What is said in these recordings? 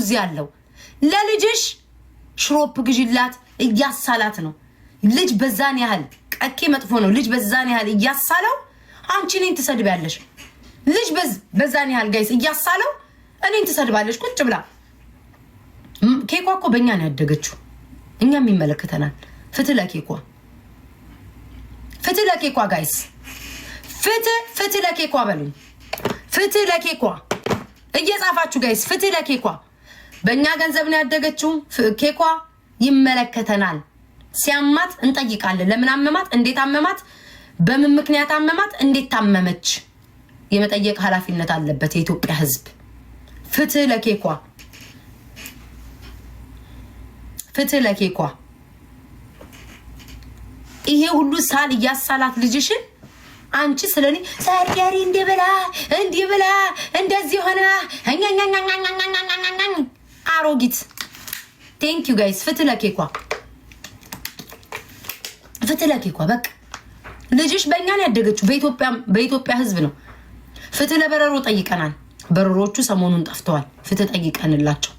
እዚህ ያለው ለልጅሽ ሽሮፕ ግዥላት እያሳላት ነው። ልጅ በዛን ያህል ቀኬ መጥፎ ነው። ልጅ በዛን ያህል እያሳለው አንቺ እኔን ትሰድቢያለሽ። ልጅ በዛን ያህል ጋይስ እያሳለው እኔን ትሰድባለሽ ቁጭ ብላ። ኬኳ እኮ በእኛ ነው ያደገችው። እኛም ይመለከተናል። ፍትህ ለኬኳ፣ ፍትህ ለኬኳ ጋይስ፣ ፍትህ ፍትህ ለኬኳ በሉኝ። ፍትህ ለኬኳ እየጻፋችሁ ጋይስ፣ ፍትህ ለኬኳ በእኛ ገንዘብ ነው ያደገችው። ኬኳ ይመለከተናል። ሲያማት እንጠይቃለን። ለምን አመማት? እንዴት አመማት? በምን ምክንያት አመማት? እንዴት ታመመች? የመጠየቅ ኃላፊነት አለበት የኢትዮጵያ ሕዝብ። ፍትህ ለኬኳ ፍትህ ለኬኳ። ይሄ ሁሉ ሳል እያሳላት ልጅሽን አንቺ ስለኔ ሰርጀሪ እንዲህ ብላ እንዲህ ብላ እንደዚህ ሆና አሮጊት ቴንክ ዩ ጋይስ። ፍትህ ለኬኳ ፍትህ ለኬኳ በቃ ልጅሽ በእኛ ነው ያደገችው፣ በኢትዮጵያ ህዝብ ነው። ፍትህ ለበረሮ ጠይቀናል። በረሮቹ ሰሞኑን ጠፍተዋል። ፍትህ ጠይቀንላቸው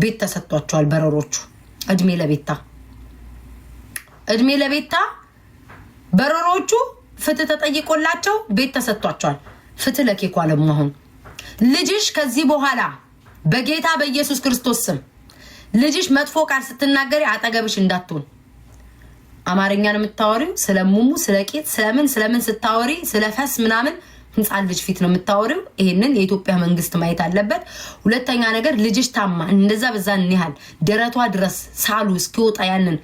ቤት ተሰጥቷቸዋል። በረሮቹ እድሜ ለቤታ እድሜ ለቤታ በረሮቹ ፍትህ ተጠይቆላቸው ቤት ተሰጥቷቸዋል። ፍትህ ለኬኳ ለመሆን ልጅሽ ከዚህ በኋላ በጌታ በኢየሱስ ክርስቶስ ስም ልጅሽ መጥፎ ቃል ስትናገሪ አጠገብሽ እንዳትሆን። አማርኛን የምታወሪው ስለሙሙ ስለ ቄት ስለምን ስለምን ስታወሪ ስለ ፈስ ምናምን ህንፃን ልጅ ፊት ነው የምታወሪው። ይህንን የኢትዮጵያ መንግስት ማየት አለበት። ሁለተኛ ነገር ልጅሽ ታማ እንደዛ በዛ ያህል ደረቷ ድረስ ሳሉ እስኪወጣ ያንን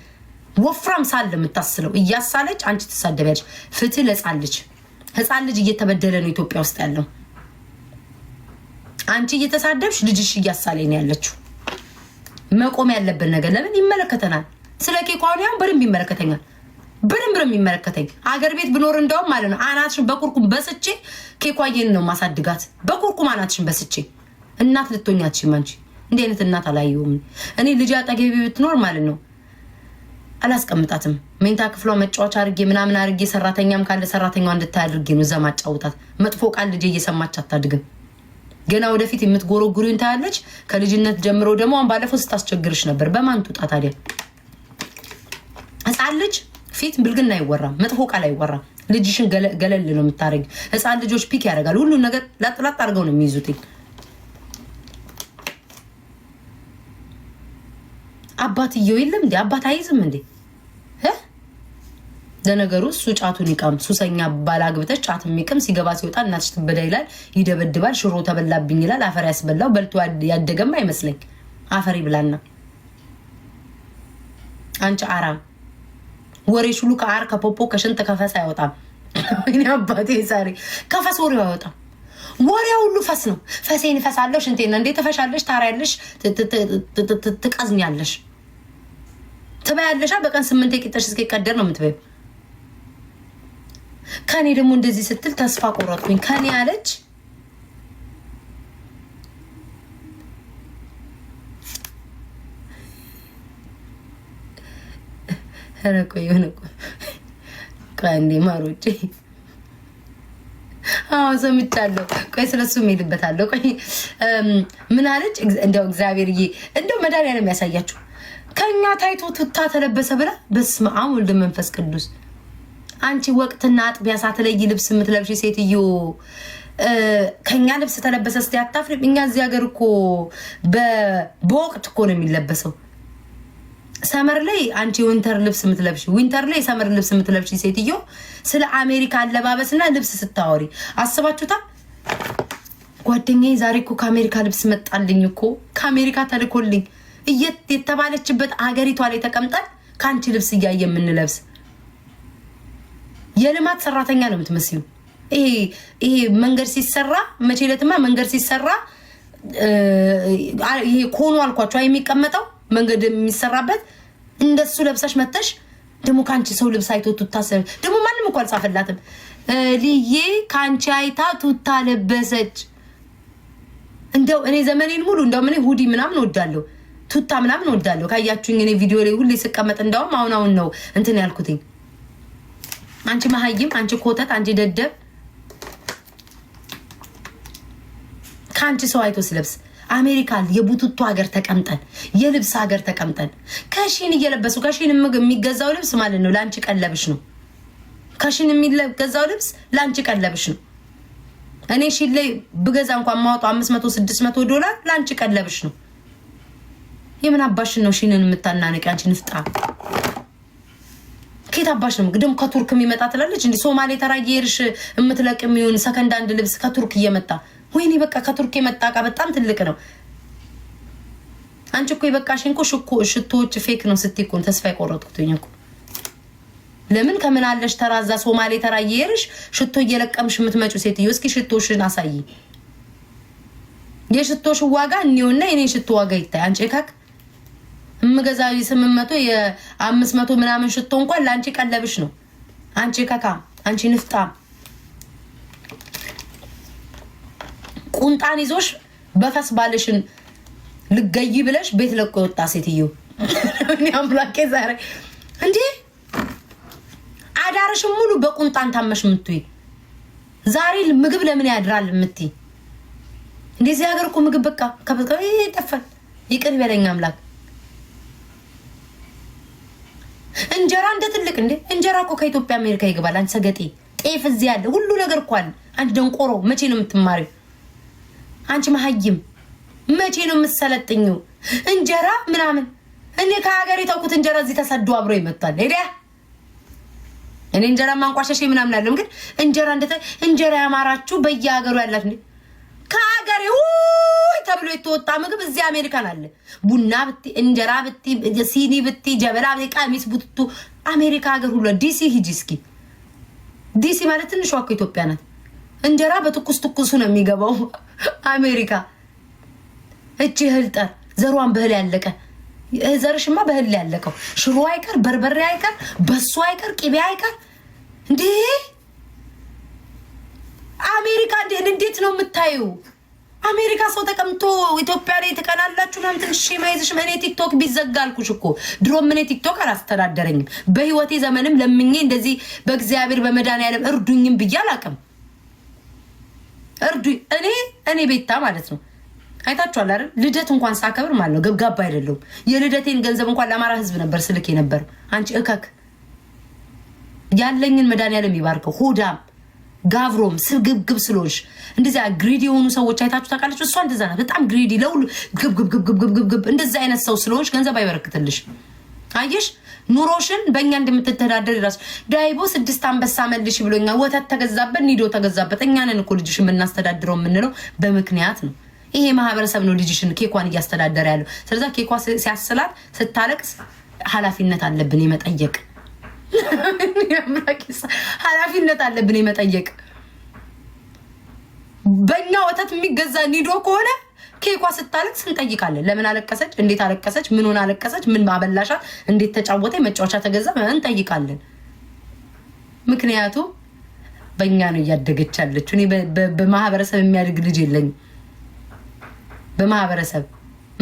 ወፍራም ሳል ለምታስለው እያሳለች አንቺ ትሳደቢያለሽ። ፍትህ ለህፃን ልጅ ህፃን ልጅ እየተበደለ ነው ኢትዮጵያ ውስጥ ያለው። አንቺ እየተሳደብሽ ልጅሽ እያሳለኝ ነው ያለችው። መቆም ያለብን ነገር ለምን ይመለከተናል? ስለ ኬኳ በደንብ ይመለከተኛል፣ በደንብ ነው የሚመለከተኝ። አገር ቤት ብኖር እንደውም ማለት ነው አናትሽን በቁርቁም በስቼ ኬኳዬን ነው ማሳድጋት። በቁርቁም አናትሽን በስቼ እናት ልትሆኛችም ማንቺ እንዲህ አይነት እናት አላየሁም እኔ። ልጅ አጠገቤ ብትኖር ማለት ነው አላስቀምጣትም። መኝታ ክፍሏ መጫወቻ አድርጌ ምናምን አድርጌ ሰራተኛም ካለ ሰራተኛዋ እንድታይ አድርጌ ነው እዛ ማጫወታት። መጥፎ ቃል ልጅ እየሰማች አታድግም። ገና ወደፊት የምትጎረጉሪውን ታያለች። ከልጅነት ጀምሮ ደግሞ አሁን ባለፈው ስታስቸግርሽ ነበር። በማን ትውጣ ታዲያ? ህፃን ልጅ ፊት ብልግና አይወራም፣ መጥፎ ቃል አይወራም። ልጅሽን ገለል ነው የምታደረግ። ህፃን ልጆች ፒክ ያደርጋል። ሁሉን ነገር ላጥላጥ አድርገው ነው የሚይዙት። አባትየው የለም እንዴ? አባት አይዝም እንዴ? ለነገሩ እሱ ጫቱን ይቃም ሱሰኛ ባል አግብተች ጫት የሚቅም ሲገባ ሲወጣ እናትሽ ትበዳ ይላል፣ ይደበድባል፣ ሽሮ ተበላብኝ ይላል። አፈር ያስበላው በልቶ ያደገም አይመስለኝ። አፈር ይብላና አንቺ አራ ወሬ ሽሉ ከአር ከፖፖ ከሽንት ከፈስ አይወጣም። ወይኔ አባቴ ዛሬ ከፈስ ወሬው አይወጣም። ወሬ ሁሉ ፈስ ነው። ፈሴን እፈሳለሁ፣ ሽንቴና እንዴ ትፈሻለሽ፣ ታሪያለሽ፣ ትቀዝኛለሽ፣ ትበያለሻ። በቀን ስምንት ቂጠሽ እስኪቀደር ነው የምትበይው። ከኔ ደግሞ እንደዚህ ስትል ተስፋ ቆረጥኩኝ። ከኔ አለች ረቆ የሆነ ቀንዴ ማሮጭ አዎ ሰምቻለሁ። ቆይ ስለሱ ሄድበታለሁ። ቆይ ምን አለች? እንደው እግዚአብሔር ይ እንደው መዳን ነው የሚያሳያችሁ ከእኛ ታይቶ ትታ ተለበሰ ብላ በስመ አብ ወልድ መንፈስ ቅዱስ አንቺ ወቅትና አጥቢያ ሳትለይ ልብስ የምትለብሽ ሴትዮ ከኛ ልብስ ተለበሰ ስ አታፍሪም? እኛ እዚህ ሀገር እኮ በወቅት እኮ ነው የሚለበሰው። ሰመር ላይ አንቺ ዊንተር ልብስ የምትለብሽ ዊንተር ላይ ሰመር ልብስ የምትለብሽ ሴትዮ ስለ አሜሪካ አለባበስና ልብስ ስታወሪ አስባችሁታ። ጓደኛዬ ዛሬ እኮ ከአሜሪካ ልብስ መጣልኝ እኮ ከአሜሪካ ተልኮልኝ እየተባለችበት ሀገሪቷ ላይ ተቀምጠን ከአንቺ ልብስ እያየ የምንለብስ የልማት ሰራተኛ ነው የምትመስዩ። ይሄ መንገድ ሲሰራ መቼ ዕለትማ መንገድ ሲሰራ ይሄ ኮኑ አልኳቸው የሚቀመጠው መንገድ የሚሰራበት እንደሱ ለብሰሽ መተሽ ደግሞ ከአንቺ ሰው ልብስ አይቶ ቱታ ሰብ ደግሞ ማንም እኮ አልጻፈላትም። ልዬ ከአንቺ አይታ ቱታ ለበሰች። እንደው እኔ ዘመኔን ሙሉ እንደውም እኔ ሁዲ ምናምን ወዳለሁ ቱታ ምናምን ወዳለሁ። ካያችሁኝ እኔ ቪዲዮ ላይ ሁሌ ስቀመጥ እንደውም አሁን አሁን ነው እንትን ያልኩትኝ አንቺ መሀይም፣ አንቺ ኮተት፣ አንቺ ደደብ ከአንቺ ሰው አይቶ ስለብስ አሜሪካን የቡትቱ ሀገር ተቀምጠን የልብስ ሀገር ተቀምጠን ከሺን እየለበሱ ከሺን የሚገዛው ልብስ ማለት ነው ለአንቺ ቀለብሽ ነው። ከሺን የሚገዛው ልብስ ለአንቺ ቀለብሽ ነው። እኔ ሺን ላይ ብገዛ እንኳን የማወጣው አምስት መቶ ስድስት መቶ ዶላር ለአንቺ ቀለብሽ ነው። የምን አባሽን ነው ሺንን የምታናነቂ አንቺ ንፍጣ ከየት አባሽ ነው ደግሞ ከቱርክ የሚመጣ ትላለች። እንዲ ሶማሌ ተራ እየሄድሽ የምትለቅ የሚሆን ሰከንድ አንድ ልብስ ከቱርክ እየመጣ ወይኔ በቃ ከቱርክ የመጣ እቃ በጣም ትልቅ ነው። አንቺ እኮ የበቃሽን እኮ ሽቶዎች ፌክ ነው ስትይ እኮ ተስፋ የቆረጥኩትኝ እኮ ለምን ከምን አለሽ ተራዛ ሶማሌ ተራዬ እየሄድሽ ሽቶ እየለቀምሽ የምትመጪው ሴትዮ፣ እስኪ ሽቶሽን አሳይ። የሽቶሽ ዋጋ እኒውና የኔ ሽቶ ዋጋ ይታይ አንቺ ካክ እምገዛ የስምንት መቶ የአምስት መቶ ምናምን ሽቶ እንኳን ለአንቺ ቀለብሽ ነው። አንቺ ከካ አንቺ ንፍጣ ቁንጣን ይዞሽ በፈስ ባልሽን ልገይ ብለሽ ቤት ለቆ የወጣ ሴትዮ አምላኬ ዛሬ እንዴ አዳርሽን ሙሉ በቁንጣን ታመሽ የምትይ ዛሬ ምግብ ለምን ያድራል የምትይ እንደዚህ ሀገር እኮ ምግብ በቃ ከበቃ ይጠፋል። ይቅር ይበለኝ አምላክ። እንጀራ እንደ ትልቅ እንደ እንጀራ እኮ ከኢትዮጵያ አሜሪካ ይገባል። አንቺ ሰገጤ ጤፍ እዚህ ያለ ሁሉ ነገር እኮ አለ። ደንቆሮ መቼ ነው የምትማሪው? አንቺ መሀይም መቼ ነው የምትሰለጥኝው? እንጀራ ምናምን እኔ ከሀገር የተውኩት እንጀራ እዚህ ተሰዶ አብሮ ይመጣል። ሄዳ እኔ እንጀራ ማንቋሸሽ ምናምን አለም፣ ግን እንጀራ እንደ እንጀራ ያማራችሁ በየሀገሩ ያላት ከሀገሬ ውይ ተብሎ የተወጣ ምግብ እዚህ አሜሪካን አለ። ቡና ብቲ፣ እንጀራ ብቲ፣ ሲኒ ብቲ፣ ጀበላ ብቲ፣ ቀሚስ ቡትቱ አሜሪካ ሀገር ሁሉ ዲሲ ሂጂ እስኪ። ዲሲ ማለት ትንሿ እኮ ኢትዮጵያ ናት። እንጀራ በትኩስ ትኩሱ ነው የሚገባው አሜሪካ። እቺ ህልጠር ዘሯን በህል ያለቀ ዘርሽማ በህል ያለቀው ሽሮ አይቀር፣ በርበሬ አይቀር፣ በሶ አይቀር፣ ቅቤ አይቀር እንዴ አሜሪካ እንዴት ነው የምታዩ? አሜሪካ ሰው ተቀምጦ ኢትዮጵያ ላይ የተቀናላችሁ ምናምን ትንሽ ማይዝሽ። እኔ ቲክቶክ ቢዘጋ አልኩሽ እኮ ድሮም እኔ ቲክቶክ አላስተዳደረኝም። በህይወቴ ዘመንም ለምኜ እንደዚህ በእግዚአብሔር በመድኃኒዓለም እርዱኝም ብዬ አላውቅም። እርዱኝ እኔ እኔ ቤታ ማለት ነው አይታችኋል አይደል? ልደት እንኳን ሳከብር ማለት ነው ገብጋባ አይደለሁም። የልደቴን ገንዘብ እንኳን ለአማራ ህዝብ ነበር ስልክ የነበረው። አንቺ እከክ ያለኝን መድኃኒዓለም ይባርከው ሆዳም ጋብሮም ስግብግብ ስለሆንሽ እንደዚያ ግሪዲ የሆኑ ሰዎች አይታችሁ ታውቃለች። እሷ እንደዛ ናት፣ በጣም ግሪዲ ለሁሉ ግብግብግብግብግብ እንደዚ አይነት ሰው ስለሆንሽ ገንዘብ አይበረክትልሽ። አየሽ ኑሮሽን በእኛ እንደምትተዳደር ራሱ ዳይቦ ስድስት አንበሳ መልሽ ብሎኛ። ወተት ተገዛበት፣ ኒዶ ተገዛበት። እኛንን እኮ ልጅሽ የምናስተዳድረው የምንለው በምክንያት ነው። ይሄ ማህበረሰብ ነው ልጅሽን ኬኳን እያስተዳደረ ያለው። ስለዚ ኬኳ ሲያስላት ስታለቅስ ኃላፊነት አለብን የመጠየቅ ኃላፊነት አለብን የመጠየቅ። በእኛ ወተት የሚገዛ ኒዶ ከሆነ ኬኳ ስታለቅስ እንጠይቃለን። ለምን አለቀሰች? እንዴት አለቀሰች? ምን ሆን አለቀሰች? ምን አበላሻት እንዴት ተጫወተ? መጫወቻ ተገዛ? እንጠይቃለን። ምክንያቱ በእኛ ነው እያደገች ያለችው። እኔ በማህበረሰብ የሚያድግ ልጅ የለኝ በማህበረሰብ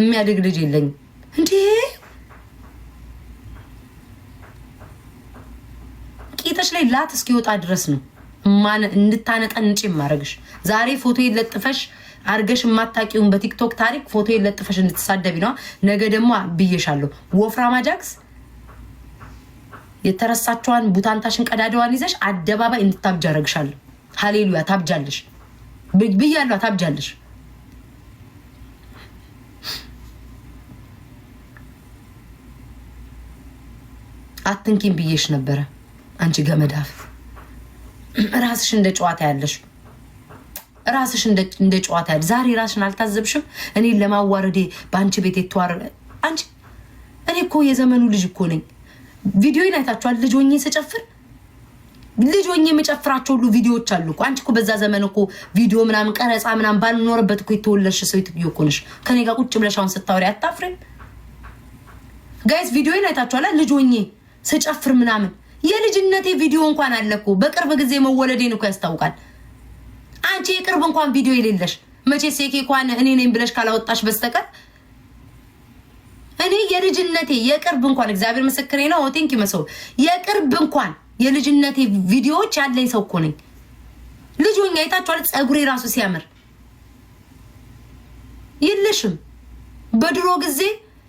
የሚያድግ ልጅ የለኝ እንዲህ ላይ ላት እስኪወጣ ድረስ ነው እንድታነጠንጭ የማረግሽ። ዛሬ ፎቶ ለጥፈሽ አርገሽ የማታቂውን በቲክቶክ ታሪክ ፎቶ ለጥፈሽ እንድትሳደቢ ነዋ። ነገ ደግሞ ብዬሻለሁ፣ ወፍራማ ጃክስ የተረሳቸዋን ቡታንታሽን ቀዳዳዋን ይዘሽ አደባባይ እንድታብጅ አረግሻለሁ። ሀሌሉያ ታብጃለሽ ብያለሁ፣ ታብጃለሽ። አትንኪም ብዬሽ ነበረ። አንቺ ገመዳፍ ራስሽ እንደ ጨዋታ ያለሽ ራስሽ እንደ ጨዋታ ያለ ዛሬ ራስሽን አልታዘብሽም? እኔ ለማዋረዴ በአንቺ ቤት የተዋረ አንቺ እኔ እኮ የዘመኑ ልጅ እኮ ነኝ። ቪዲዮ ይናይታችኋል። ልጅ ሆኜ ስጨፍር ልጅ ሆኜ የምጨፍራቸው ሁሉ ቪዲዮዎች አሉ እኮ። አንቺ እኮ በዛ ዘመን እኮ ቪዲዮ ምናምን ቀረፃ ምናምን ባልኖረበት እኮ የተወለድሽ ሰው ኢትዮጵያ እኮ ነሽ። ከኔ ጋር ቁጭ ብለሽ አሁን ስታወሪ አታፍሬም? ጋይስ ቪዲዮ ይናይታችኋል። ልጅ ሆኜ ስጨፍር ምናምን የልጅነቴ ቪዲዮ እንኳን አለ እኮ በቅርብ ጊዜ መወለዴን እኮ ያስታውቃል። አንቺ የቅርብ እንኳን ቪዲዮ የሌለሽ መቼ ሴኬ እንኳን እኔ ነኝ ብለሽ ካላወጣሽ በስተቀር እኔ የልጅነቴ የቅርብ እንኳን እግዚአብሔር ምስክሬ ነው። ቲንክ ይመሰው የቅርብ እንኳን የልጅነቴ ቪዲዮዎች ያለኝ ሰው እኮ ነኝ። ልጆኛ አይታችኋል። ፀጉሬ ራሱ ሲያምር የለሽም። በድሮ ጊዜ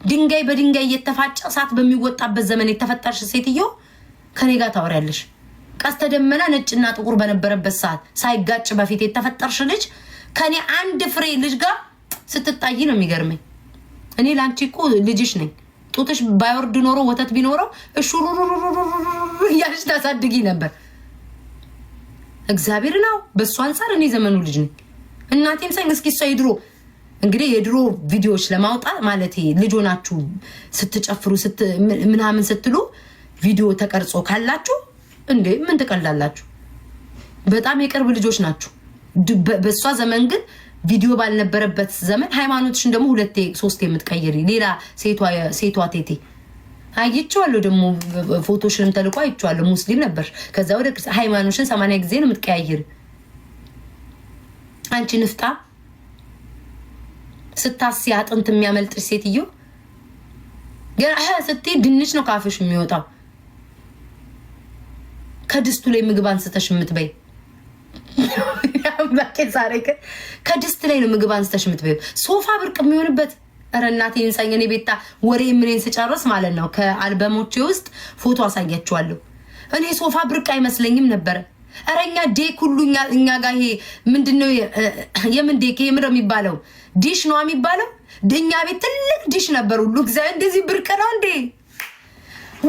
ድንጋይ በድንጋይ እየተፋጨ እሳት በሚወጣበት ዘመን የተፈጠርሽ ሴትዮ ከኔ ጋር ታወሪያለሽ። ቀስተ ደመና ነጭና ጥቁር በነበረበት ሰዓት ሳይጋጭ በፊት የተፈጠርሽ ልጅ ከኔ አንድ ፍሬ ልጅ ጋር ስትጣይ ነው የሚገርመኝ። እኔ ለአንቺ እኮ ልጅሽ ነኝ። ጡትሽ ባይወርድ ኖሮ ወተት ቢኖረው እሹሩሩሩሩሩ እያልሽ ታሳድጊ ነበር። እግዚአብሔር ነው። በእሱ አንጻር እኔ ዘመኑ ልጅ ነኝ። እናቴም ሰኝ እስኪ እሷ የድሮ እንግዲህ የድሮ ቪዲዮዎች ለማውጣት ማለት ልጆናችሁ ስትጨፍሩ ምናምን ስትሉ ቪዲዮ ተቀርጾ ካላችሁ እንዴ ምን ትቀልዳላችሁ? በጣም የቅርብ ልጆች ናችሁ። በእሷ ዘመን ግን ቪዲዮ ባልነበረበት ዘመን ሃይማኖትሽን ደግሞ ሁለቴ ሶስቴ የምትቀይሪ ሌላ ሴቷ ቴቴ አይቼዋለሁ። ደግሞ ፎቶሽንም ተልቆ አይቼዋለሁ። ሙስሊም ነበር፣ ከዛ ወደ ሃይማኖትሽን ሰማንያ ጊዜ ነው የምትቀያይር። አንቺ ንፍጣ ስታስ አጥንት የሚያመልጥሽ ሴትዮ ስትይ ድንች ነው ካፍሽ የሚወጣው። ከድስቱ ላይ ምግብ አንስተሽ የምትበይ ዛሬ ግን ከድስት ላይ ነው ምግብ አንስተሽ የምትበይ። ሶፋ ብርቅ የሚሆንበት ኧረ እናቴ ንሳኝ። እኔ ቤታ ወሬ ምንን ስጨርስ ማለት ነው ከአልበሞቼ ውስጥ ፎቶ አሳያችኋለሁ። እኔ ሶፋ ብርቅ አይመስለኝም ነበረ። ኧረ እኛ ዴክ ሁሉ እኛ ጋር ይሄ ምንድነው የምን ዴክ ይሄ የሚባለው? ዲሽ ነው የሚባለው። እኛ ቤት ትልቅ ዲሽ ነበር ሁሉ። እግዚአብሔር እንደዚህ ብርቅ ነው እንዴ?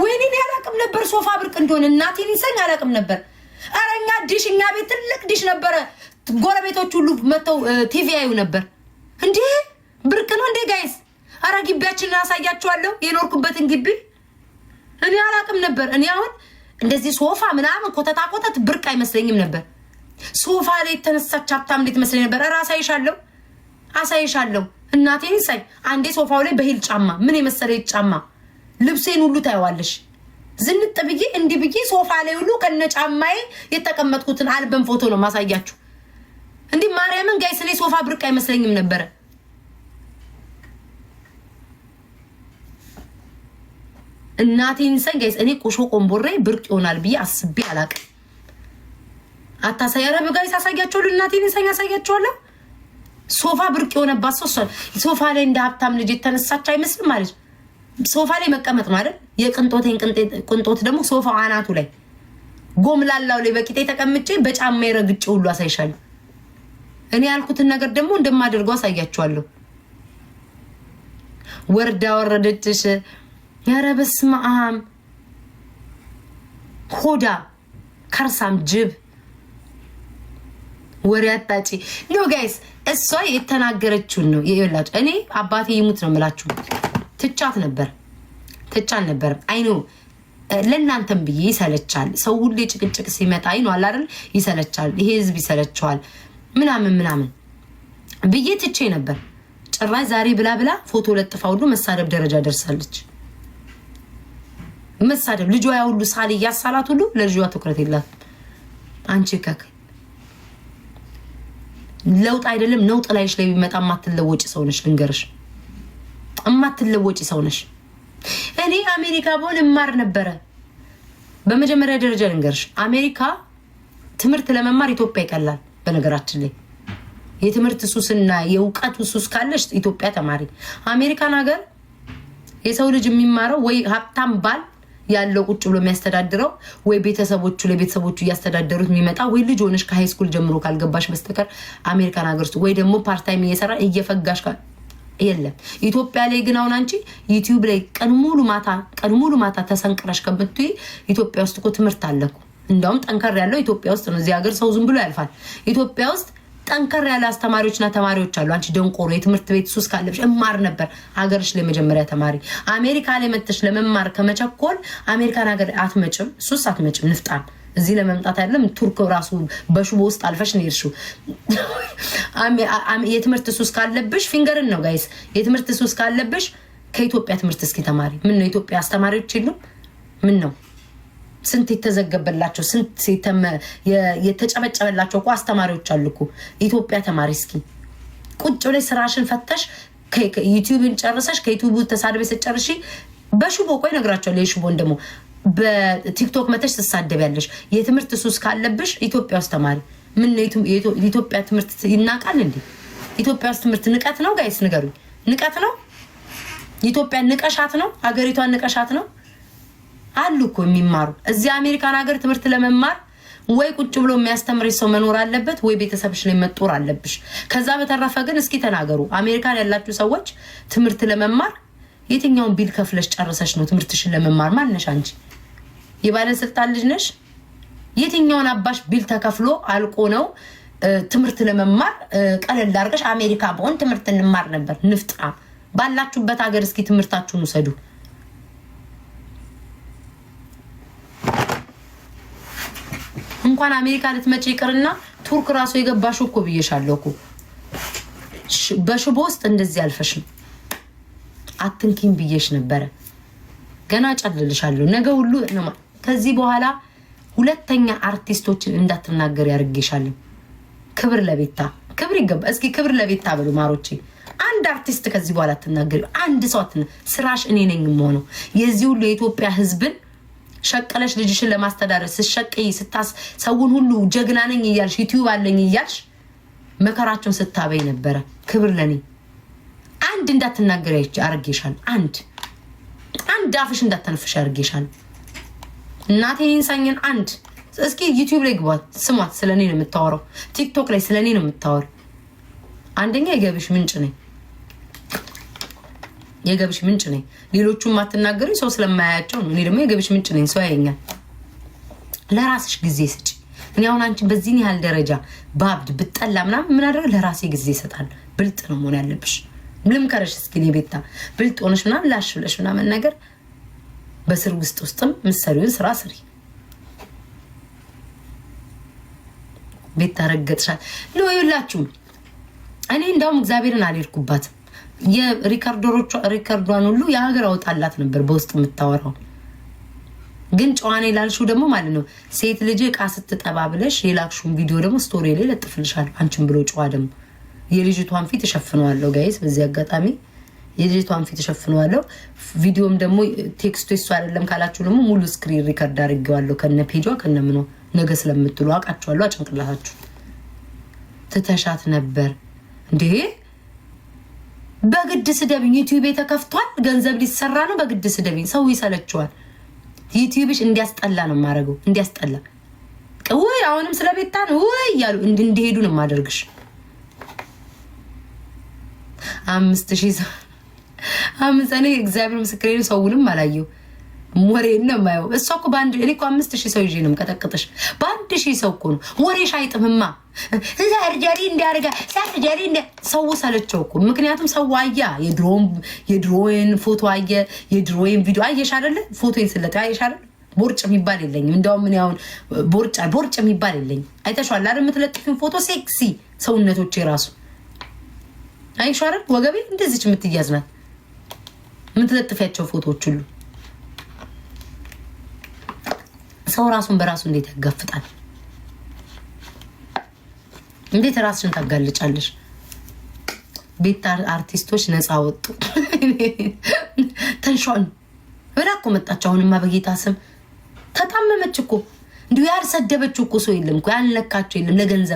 ወይኔ ያላቅም ነበር ሶፋ ብርቅ እንደሆነ እናቴ ሊሰኝ አላቅም ነበር። ኧረ እኛ ዲሽ እኛ ቤት ትልቅ ዲሽ ነበረ። ጎረቤቶች ሁሉ መጥተው ቲቪ ያዩ ነበር። እንዴ ብርቅ ነው እንዴ ጋይስ? ኧረ ግቢያችንን አሳያችኋለሁ የኖርኩበትን ግቢ። እኔ አላቅም ነበር። እኔ አሁን እንደዚህ ሶፋ ምናምን ኮተታ ኮተት ብርቅ አይመስለኝም ነበር። ሶፋ ላይ የተነሳች ሀብታም ልት መስለኝ ነበር። ኧረ አሳይሻለሁ አሳይሻለሁ እናቴን ይሳይ። አንዴ ሶፋው ላይ በሂል ጫማ ምን የመሰለ ጫማ ልብሴን ሁሉ ታየዋለሽ። ዝንጥ ብዬ እንዲህ ብዬ ሶፋ ላይ ሁሉ ከነጫማዬ የተቀመጥኩትን አልበም ፎቶ ነው ማሳያችሁ። እንዲህ ማርያምን ጋይ ስኔ ሶፋ ብርቅ አይመስለኝም ነበረ። እናቴን ሰን ጋይስ እኔ ቁሾ ቆንቦሬ ብርቅ ይሆናል ብዬ አስቤ አላቅም። አታሳይ ረብ ጋይስ አሳያቸዋለሁ። እናቴን ሰን ያሳያቸዋለሁ። ሶፋ ብርቅ የሆነባት ሰው ሶፋ ላይ እንደ ሀብታም ልጅ የተነሳች አይመስልም ማለት ነው። ሶፋ ላይ መቀመጥ ነው አይደል? የቅንጦቴን ቅንጦት ደግሞ ሶፋው አናቱ ላይ ጎምላላው ላይ በቂጤ ተቀምጬ በጫማ የረግጭ ሁሉ አሳይሻለሁ። እኔ ያልኩትን ነገር ደግሞ እንደማደርገው አሳያችኋለሁ። ወርዳ ወረደችሽ። ኧረ በስመ አብ ሆዳ ከርሳም ጅብ ወሬ አጣጪ ኖ ጋይስ፣ እሷ የተናገረችውን ነው የላችሁ። እኔ አባቴ ይሙት ነው የምላችሁ። ትቻት ነበር ትቻ አልነበርም። አይኖ ለእናንተም ብዬ ይሰለቻል። ሰው ሁሌ ጭቅጭቅ ሲመጣ አይኖ አላደል ይሰለቻል። ይሄ ህዝብ ይሰለቸዋል ምናምን ምናምን ብዬ ትቼ ነበር። ጭራሽ ዛሬ ብላ ብላ ፎቶ ለጥፋ ሁሉ መሳደብ ደረጃ ደርሳለች። መሳደብ ልጇ ያ ሁሉ ሳል እያሳላት ሁሉ ለልጇ ትኩረት የላትም። አንቺ ከክ ለውጥ አይደለም ነውጥ ላይሽ ላይ ቢመጣ ማትለወጭ ሰው ነሽ ልንገርሽ። እማትለወጪ ሰው ነሽ። እኔ አሜሪካ በሆን እማር ነበረ። በመጀመሪያ ደረጃ ልንገርሽ፣ አሜሪካ ትምህርት ለመማር ኢትዮጵያ ይቀላል። በነገራችን ላይ የትምህርት ሱስና የእውቀት ሱስ ካለሽ ኢትዮጵያ ተማሪ። አሜሪካን ሀገር የሰው ልጅ የሚማረው ወይ ሀብታም ባል ያለው ቁጭ ብሎ የሚያስተዳድረው ወይ ቤተሰቦቹ ለቤተሰቦቹ እያስተዳደሩት የሚመጣ ወይ ልጅ ሆነሽ ከሃይስኩል ጀምሮ ካልገባሽ በስተቀር አሜሪካን ሀገር ውስጥ ወይ ደግሞ ፓርታይም እየሰራ እየፈጋሽ የለም። ኢትዮጵያ ላይ ግን አሁን አንቺ ዩቲዩብ ላይ ቀን ሙሉ ማታ ቀን ሙሉ ማታ ተሰንቅረሽ ከምትይ ኢትዮጵያ ውስጥ እኮ ትምህርት አለኩ። እንዲያውም ጠንከር ያለው ኢትዮጵያ ውስጥ ነው። እዚህ ሀገር ሰው ዝም ብሎ ያልፋል። ኢትዮጵያ ውስጥ ጠንከር ያለ አስተማሪዎችና ተማሪዎች አሉ። አንቺ ደንቆሮ የትምህርት ቤት ሱስ ካለብሽ እማር ነበር ሀገርሽ ላይ መጀመሪያ ተማሪ። አሜሪካ ላይ መጥተሽ ለመማር ከመቸኮል አሜሪካን ሀገር አትመጭም፣ ሱስ አትመጭም፣ ንፍጣን እዚህ ለመምጣት አይደለም። ቱርክ ራሱ በሽቦ ውስጥ አልፈሽ ነው የሄድሽው። የትምህርት ሱስ ካለብሽ ፊንገርን ነው ጋይስ። የትምህርት ሱስ ካለብሽ ከኢትዮጵያ ትምህርት እስኪ ተማሪ። ምን ነው ኢትዮጵያ አስተማሪዎች የሉም? ምን ነው ስንት የተዘገበላቸው ስንት የተጨበጨበላቸው እኮ አስተማሪዎች አሉ እኮ። ኢትዮጵያ ተማሪ እስኪ ቁጭ ብለሽ ስራሽን ፈተሽ ዩቲዩብን ጨርሰሽ ከዩቲዩቡ ተሳድበሽ ስትጨርሺ በሽቦ ቆይ ነግራቸው የሽቦን ደግሞ በቲክቶክ መተሽ ትሳደቢያለሽ። የትምህርት ሱስ ካለብሽ ኢትዮጵያ ውስጥ ተማሪ። ምን ትምህርት ይናቃል እንዴ? ኢትዮጵያ ውስጥ ትምህርት ንቀት ነው? ጋይስ ንገሩኝ፣ ንቀት ነው? ኢትዮጵያ ንቀሻት ነው? ሀገሪቷን ንቀሻት ነው? አሉ እኮ የሚማሩ እዚህ አሜሪካን ሀገር ትምህርት ለመማር ወይ ቁጭ ብሎ የሚያስተምርሽ ሰው መኖር አለበት፣ ወይ ቤተሰብሽ ላይ መጦር አለብሽ። ከዛ በተረፈ ግን እስኪ ተናገሩ አሜሪካን ያላችሁ ሰዎች ትምህርት ለመማር የትኛውን ቢል ከፍለሽ ጨርሰሽ ነው ትምህርትሽን ለመማር ማነሻ እንጂ የባለስልጣን ልጅ ነሽ። የትኛውን አባሽ ቢል ተከፍሎ አልቆ ነው ትምህርት ለመማር ቀለል አድርገሽ አሜሪካ በሆን ትምህርት እንማር ነበር። ንፍጣ ባላችሁበት ሀገር እስኪ ትምህርታችሁን ውሰዱ። እንኳን አሜሪካ ልትመጪ ይቅርና ቱርክ ራሱ የገባሽው እኮ ብዬሻለሁ እኮ በሽቦ ውስጥ እንደዚህ አልፈሽም። አትንኪም ብዬሽ ነበረ። ገና ጨልልሻለሁ ነገ ሁሉ ከዚህ በኋላ ሁለተኛ አርቲስቶችን እንዳትናገር ያደርግሻለን። ክብር ለቤታ ክብር ይገባ። እስኪ ክብር ለቤታ በሉ ማሮቼ። አንድ አርቲስት ከዚህ በኋላ አትናገሪ። አንድ ሰው ስራሽ እኔ ነኝ የምሆነው የዚህ ሁሉ የኢትዮጵያ ህዝብን ሸቀለሽ ልጅሽን ለማስተዳደር ስትሸቅይ ስታስ ሰውን ሁሉ ጀግና ነኝ እያልሽ ዩቲዩብ አለኝ እያልሽ መከራቸውን ስታበይ ነበረ። ክብር ለኔ። አንድ እንዳትናገር አርጌሻል። አንድ አንድ አፍሽ እንዳተነፍሽ አርጌሻል። እናቴ ይንሳኝን አንድ እስኪ ዩቲዩብ ላይ ግባት፣ ስማት፣ ስለ እኔ ነው የምታወራው። ቲክቶክ ላይ ስለ እኔ ነው የምታወር። አንደኛ የገብሽ ምንጭ ነኝ፣ የገብሽ ምንጭ ነኝ። ሌሎቹ የማትናገሩኝ ሰው ስለማያያቸው ነው። እኔ ደግሞ የገብሽ ምንጭ ነኝ፣ ሰው ያየኛል። ለራስሽ ጊዜ ስጪ። እኔ አሁን አንቺ በዚህን ያህል ደረጃ ባብድ ብጠላ ምናምን ምን ለራሴ ጊዜ ይሰጣል። ብልጥ ነው መሆን ያለብሽ። ልምከረሽ እስኪ ቤታ፣ ብልጥ ሆነሽ ምናምን ላሽ ብለሽ ምናምን ነገር በስር ውስጥ ውስጥም ምሰሪውን ስራ ስሪ። ቤት ታረገጥሻል ሎ ይላችሁ። እኔ እንዳውም እግዚአብሔርን አልሄድኩባትም። የሪከርዶቿን ሁሉ የሀገር አውጣላት ነበር በውስጥ የምታወራው ግን ጨዋኔ የላልሽው ደግሞ ማለት ነው ሴት ልጅ እቃ ስትጠባ ብለሽ የላክሽውን ቪዲዮ ደግሞ ስቶሪ ላይ ለጥፍልሻል። አንቺን ብሎ ጨዋ ደግሞ የልጅቷን ፊት እሸፍነዋለሁ ጋይስ በዚህ አጋጣሚ የልጅቷን ፊት ሸፍነዋለሁ። ቪዲዮም ደግሞ ቴክስቱ የሱ አይደለም ካላችሁ ደግሞ ሙሉ ስክሪን ሪከርድ አድርጌዋለሁ ከነ ፔጇ ከነ ምኗ። ነገ ስለምትሉ አውቃችኋለሁ። አጭንቅላታችሁ ትተሻት ነበር እንዴ? በግድ ስደብኝ። ዩቲዩብ ተከፍቷል፣ ገንዘብ ሊሰራ ነው። በግድ ስደብኝ። ሰው ይሰለችዋል። ዩቲዩብሽ እንዲያስጠላ ነው የማደርገው፣ እንዲያስጠላ ውይ፣ አሁንም ስለ ቤታ ነው ውይ እያሉ እንዲሄዱ ነው የማደርግሽ አምስት ሺህ አምፀኔ እግዚአብሔር ምስክሬን ሰውንም አላየው ወሬን ነው የማየው። እሷ እኮ በአንድ እኔ እኮ አምስት ሺህ ሰው ይዤ ነው የምቀጠቅጥሽ። በአንድ ሺህ ሰው እኮ ነው ወሬሽ አይጥምማ። ሰርጀሪ እንዲያደርጋ ሰርጀሪ ሰው ሰለቸው እኮ ምክንያቱም ሰው አያ የድሮን ፎቶ አየ፣ የድሮን ቪዲዮ አየሽ አይደለ? ፎቶ ስለት አየሽ አይደለ? ቦርጭ የሚባል የለኝም። እንዲያውም ምን ያሁን ቦርጫ ቦርጭ የሚባል የለኝም። አይተሸዋል አይደል? የምትለጥፊውን ፎቶ ሴክሲ ሰውነቶች የራሱ አይሸዋረን ወገቤ እንደዚች የምትያዝናት የምትለጥፊያቸው ፎቶዎች ሁሉ ሰው ራሱን በራሱ እንዴት ያጋፍጣል? እንዴት ራስሽን ታጋልጫለሽ? ቤት አርቲስቶች ነፃ ወጡ። ተንሿን ወዳ እኮ መጣች። አሁንማ በጌታ ስም ተጣመመች እኮ እንዲሁ ያልሰደበችው እኮ ሰው የለም እኮ ያልነካቸው የለም ለገንዘብ